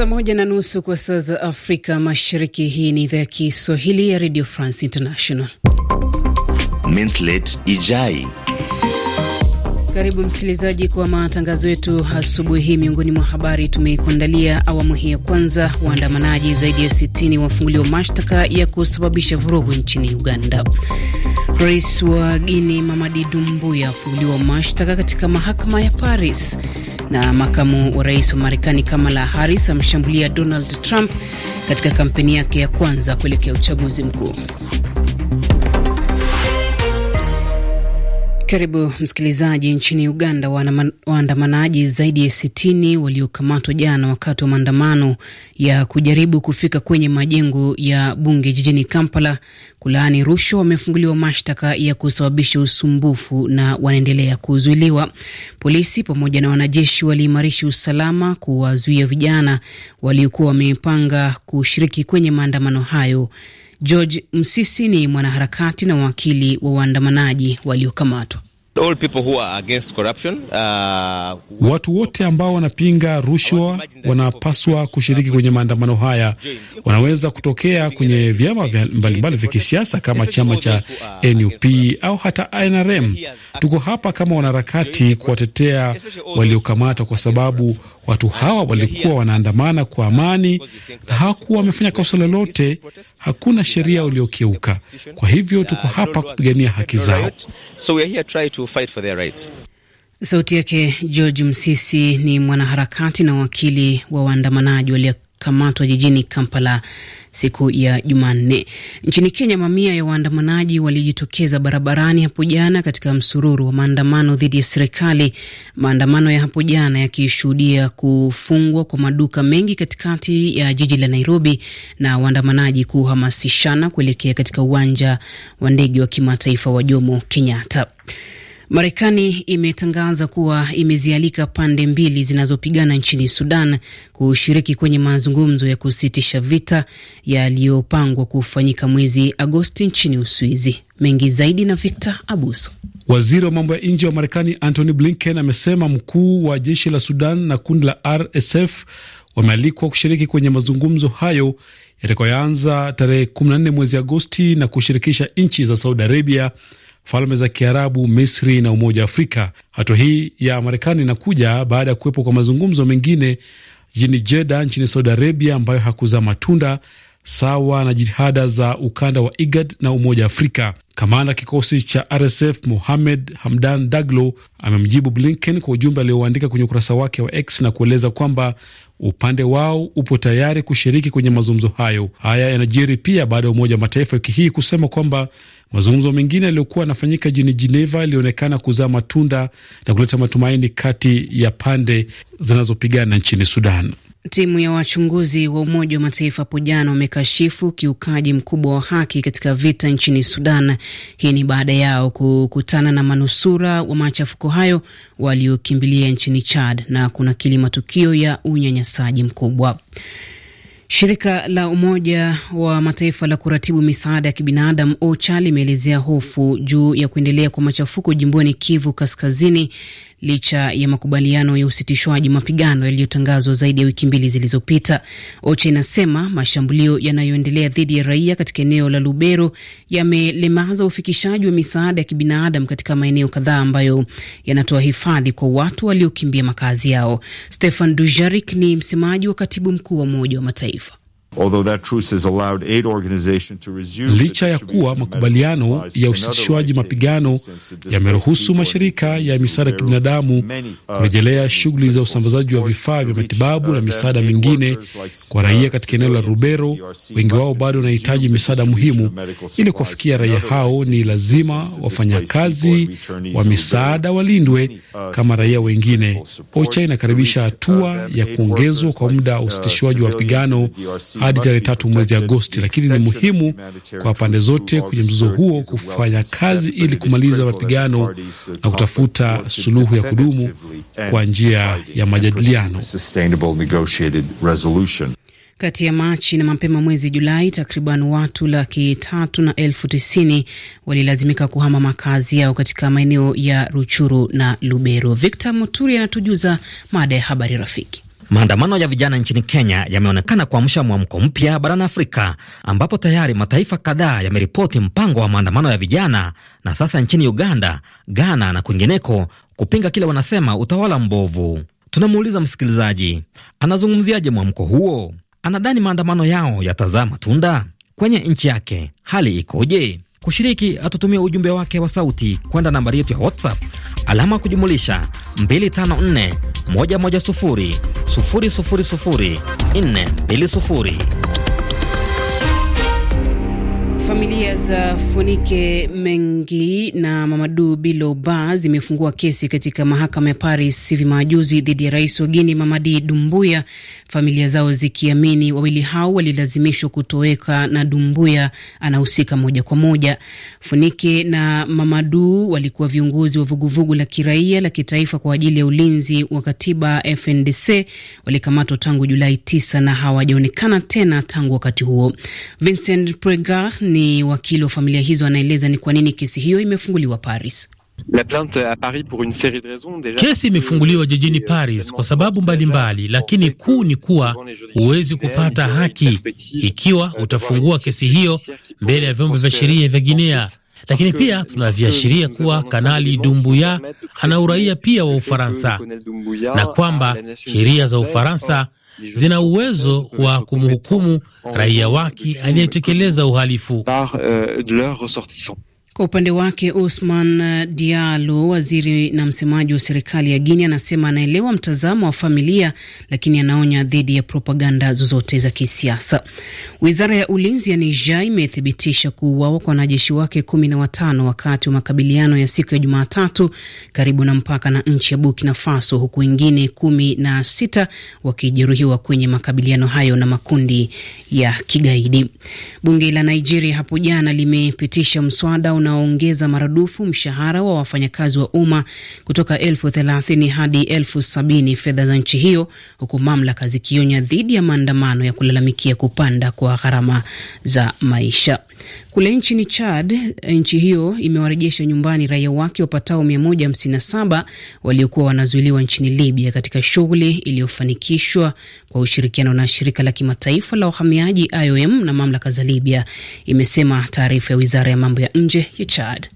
Saa moja na nusu kwa saa za Afrika Mashariki. Hii ni idhaa ya Kiswahili ya Radio France International. Minslet Ijai. Karibu msikilizaji kwa matangazo yetu asubuhi hii. Miongoni mwa habari tumekuandalia awamu hii ya kwanza: waandamanaji zaidi ya 60 wafunguliwa mashtaka ya kusababisha vurugu nchini Uganda. Rais wa Guini Mamadi Dumbuya afunguliwa mashtaka katika mahakama ya Paris na makamu wa rais wa Marekani Kamala Harris amshambulia Donald Trump katika kampeni yake ya kwanza kuelekea uchaguzi mkuu. Karibu msikilizaji. Nchini Uganda, waandamanaji zaidi ya sitini waliokamatwa jana wakati wa maandamano ya kujaribu kufika kwenye majengo ya bunge jijini Kampala kulaani rushwa wamefunguliwa mashtaka ya kusababisha usumbufu na wanaendelea kuzuiliwa. Polisi pamoja na wanajeshi waliimarisha usalama kuwazuia vijana waliokuwa wamepanga kushiriki kwenye maandamano hayo. George Msisi ni mwanaharakati na wakili wa waandamanaji waliokamatwa. All people who are against corruption, uh, watu wote ambao wanapinga rushwa wanapaswa kushiriki kwenye maandamano haya. Wanaweza kutokea kwenye vyama mbalimbali vya kisiasa kama chama cha NUP au hata NRM. Tuko hapa kama wanaharakati kuwatetea waliokamatwa, kwa sababu watu hawa walikuwa wanaandamana kwa amani na hawakuwa wamefanya kosa lolote. Hakuna sheria waliokiuka, kwa hivyo tuko hapa kupigania haki zao to fight for their rights. Sauti yake George Msisi ni mwanaharakati na wakili wa waandamanaji waliokamatwa jijini Kampala siku ya Jumanne. Nchini Kenya, mamia ya waandamanaji walijitokeza barabarani hapo jana katika msururu wa maandamano dhidi ya serikali. Maandamano ya hapo jana yakishuhudia kufungwa kwa maduka mengi katikati ya jiji la Nairobi na waandamanaji kuhamasishana kuelekea katika uwanja wa ndege wa kimataifa wa Jomo Kenyatta. Marekani imetangaza kuwa imezialika pande mbili zinazopigana nchini Sudan kushiriki kwenye mazungumzo ya kusitisha vita yaliyopangwa kufanyika mwezi Agosti nchini Uswizi. Mengi zaidi na Victor Abuso. Waziri wa mambo ya nje wa Marekani Antony Blinken amesema mkuu wa jeshi la Sudan na kundi la RSF wamealikwa kushiriki kwenye mazungumzo hayo yatakayoanza tarehe 14 mwezi Agosti na kushirikisha nchi za Saudi Arabia, Falme za Kiarabu, Misri na Umoja wa Afrika. Hatua hii ya Marekani inakuja baada ya kuwepo kwa mazungumzo mengine jijini Jeda nchini Saudi Arabia ambayo hakuzaa matunda sawa na jitihada za ukanda wa IGAD na Umoja wa Afrika. Kamanda kikosi cha RSF Mohamed Hamdan Daglo amemjibu Blinken kwa ujumbe alioandika kwenye ukurasa wake wa X na kueleza kwamba upande wao upo tayari kushiriki kwenye mazungumzo hayo. Haya yanajiri pia baada ya Umoja wa Mataifa wiki hii kusema kwamba mazungumzo mengine yaliyokuwa yanafanyika jini Geneva yalionekana kuzaa matunda na kuleta matumaini kati ya pande zinazopigana nchini Sudan. Timu ya wachunguzi wa Umoja wa Mataifa hapo jana wamekashifu kiukaji mkubwa wa haki katika vita nchini Sudan. Hii ni baada yao kukutana na manusura wa machafuko hayo waliokimbilia nchini Chad na kunakili matukio ya unyanyasaji mkubwa. Shirika la Umoja wa Mataifa la kuratibu misaada ya kibinadamu OCHA limeelezea hofu juu ya kuendelea kwa machafuko jimboni Kivu Kaskazini licha ya makubaliano ya usitishwaji mapigano yaliyotangazwa zaidi ya wiki mbili zilizopita. OCHA inasema mashambulio yanayoendelea dhidi ya raia katika eneo la Lubero yamelemaza ufikishaji wa misaada ya kibinadamu katika maeneo kadhaa ambayo yanatoa hifadhi kwa watu waliokimbia makazi yao. Stefan Dujarik ni msemaji wa katibu mkuu wa Umoja wa Mataifa. Licha ya kuwa makubaliano ya usitishwaji mapigano yameruhusu mashirika ya misaada ya kibinadamu uh, kurejelea shughuli za usambazaji wa vifaa vya matibabu uh, na misaada mingine kwa raia katika eneo la Rubero, wengi wao bado wanahitaji misaada muhimu. Ili kuwafikia raia hao, ni lazima wafanyakazi wa misaada walindwe uh, kama raia wengine. OCHA inakaribisha hatua ya kuongezwa kwa muda wa usitishwaji wa mapigano hadi tarehe tatu mwezi Agosti, lakini ni muhimu kwa pande zote kwenye mzozo huo kufanya kazi ili kumaliza mapigano na kutafuta suluhu ya kudumu kwa njia ya majadiliano. Kati ya Machi na mapema mwezi Julai, takriban watu laki tatu na elfu tisini walilazimika kuhama makazi yao katika maeneo ya Ruchuru na Lubero. Victor Muturi anatujuza mada ya habari rafiki. Maandamano ya vijana nchini Kenya yameonekana kuamsha mwamko mpya barani Afrika, ambapo tayari mataifa kadhaa yameripoti mpango wa maandamano ya vijana, na sasa nchini Uganda, Ghana na kwingineko kupinga kile wanasema utawala mbovu. Tunamuuliza msikilizaji, anazungumziaje mwamko huo? Anadhani maandamano yao yatazaa matunda kwenye nchi yake? Hali ikoje? Kushiriki atutumie ujumbe wake wa sauti kwenda nambari yetu ya WhatsApp alama kujumulisha 254 110 000 420. Familia za Fonike Mengi na Mamadu Biloba zimefungua kesi katika mahakama ya Paris hivi majuzi dhidi ya rais wa Guini Mamadi Dumbuya, familia zao zikiamini wawili hao walilazimishwa kutoweka na Dumbuya anahusika moja kwa moja. Fonike na Mamadu walikuwa viongozi wa vuguvugu la kiraia la kitaifa kwa ajili ya ulinzi wa katiba FNDC, walikamatwa tangu Julai 9 na hawajaonekana tena tangu wakati huo. Vincent Pregar ni ni wakili wa familia hizo anaeleza ni kwa nini kesi hiyo imefunguliwa Paris. Kesi imefunguliwa jijini Paris kwa sababu mbalimbali mbali, lakini kuu ni kuwa huwezi kupata haki ikiwa euh, utafungua kesi hiyo mbele ya vyombo vya sheria vya Guinea lakini pia tunaviashiria kuwa Kanali Dumbuya ana uraia pia wa Ufaransa na kwamba sheria za Ufaransa zina uwezo wa kumhukumu raia wake aliyetekeleza uhalifu. Euh, kwa upande wake Usman Dialo, waziri na msemaji wa serikali ya Guinea, anasema anaelewa mtazamo wa familia, lakini anaonya dhidi ya propaganda zozote za kisiasa. Wizara ya ulinzi ya Niger imethibitisha kuuawa kwa wanajeshi wake kumi na watano wakati wa makabiliano ya siku ya Jumatatu karibu na mpaka na nchi ya Burkina Faso, huku wengine kumi na sita wakijeruhiwa kwenye makabiliano hayo na makundi ya kigaidi. Bunge la Nigeria hapo jana limepitisha mswada una unaoongeza maradufu mshahara wa wafanyakazi wa umma kutoka elfu thelathini hadi elfu sabini fedha za nchi hiyo, huku mamlaka zikionya dhidi ya maandamano ya kulalamikia kupanda kwa gharama za maisha. Kule nchini Chad, nchi hiyo imewarejesha nyumbani raia wake wapatao 157 waliokuwa wanazuiliwa nchini Libya katika shughuli iliyofanikishwa kwa ushirikiano na shirika la kimataifa la uhamiaji IOM na mamlaka za Libya, imesema taarifa ya wizara ya mambo ya nje ya Chad.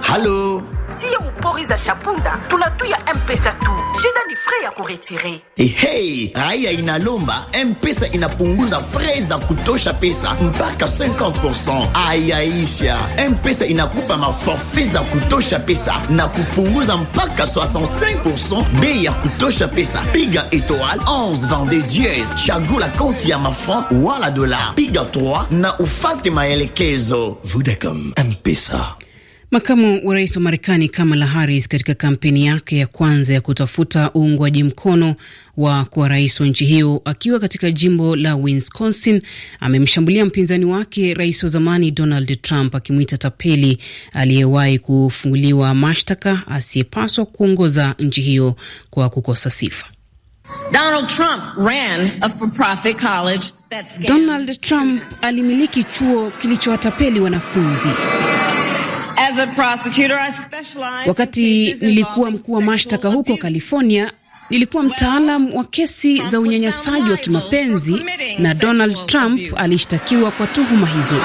Halo. siyo upori za shapunda tunatuya mpesa tu, shida ni frais ya eh Hey, hey, haya inalomba mpesa inapunguza frais za kutosha pesa mpaka 50%. Ayaisha, mpesa pesa inakupa maforfe za kutosha pesa na kupunguza mpaka 65% bei ya kutosha pesa. Piga étoile 11 vende diez, chagula konti ya mafran wala dola, piga 3 na ufate maelekezo. Vodacom, m mpesa Makamu wa rais wa Marekani Kamala Harris katika kampeni yake ya kwanza ya kutafuta uungwaji mkono wa kuwa rais wa nchi hiyo akiwa katika jimbo la Wisconsin amemshambulia mpinzani wake rais wa zamani Donald Trump akimwita tapeli aliyewahi kufunguliwa mashtaka asiyepaswa kuongoza nchi hiyo kwa kukosa sifa. Donald Trump ran a for-profit college. Donald Trump alimiliki chuo kilichowatapeli wanafunzi Wakati nilikuwa mkuu wa mashtaka huko California, nilikuwa mtaalam wa kesi za unyanyasaji wa kimapenzi na Donald Trump alishtakiwa kwa tuhuma hizo.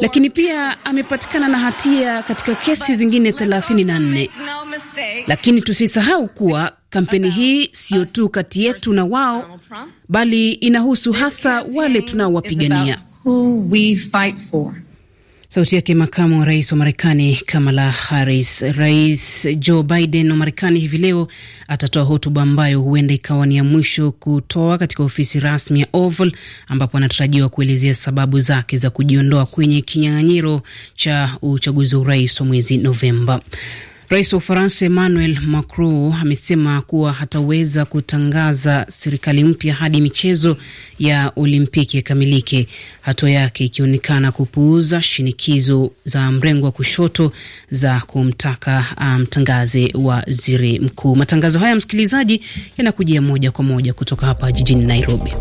Lakini pia amepatikana na hatia katika kesi zingine 34. Lakini tusisahau kuwa kampeni hii siyo tu kati yetu na wao, bali inahusu hasa wale tunaowapigania who we fight for. Sauti yake makamu wa rais wa Marekani Kamala Harris. Rais Joe Biden wa Marekani hivi leo atatoa hotuba ambayo huenda ikawa ni ya mwisho kutoa katika ofisi rasmi ya Oval, ambapo anatarajiwa kuelezea sababu zake za kujiondoa kwenye kinyang'anyiro cha uchaguzi wa urais wa mwezi Novemba. Rais wa Ufaransa Emmanuel Macron amesema kuwa hataweza kutangaza serikali mpya hadi michezo ya Olimpiki yakamilike hatua yake ikionekana kupuuza shinikizo za mrengo wa kushoto za kumtaka ah, mtangaze um, waziri mkuu. Matangazo haya msikilizaji, yanakujia moja kwa moja kutoka hapa jijini Nairobi.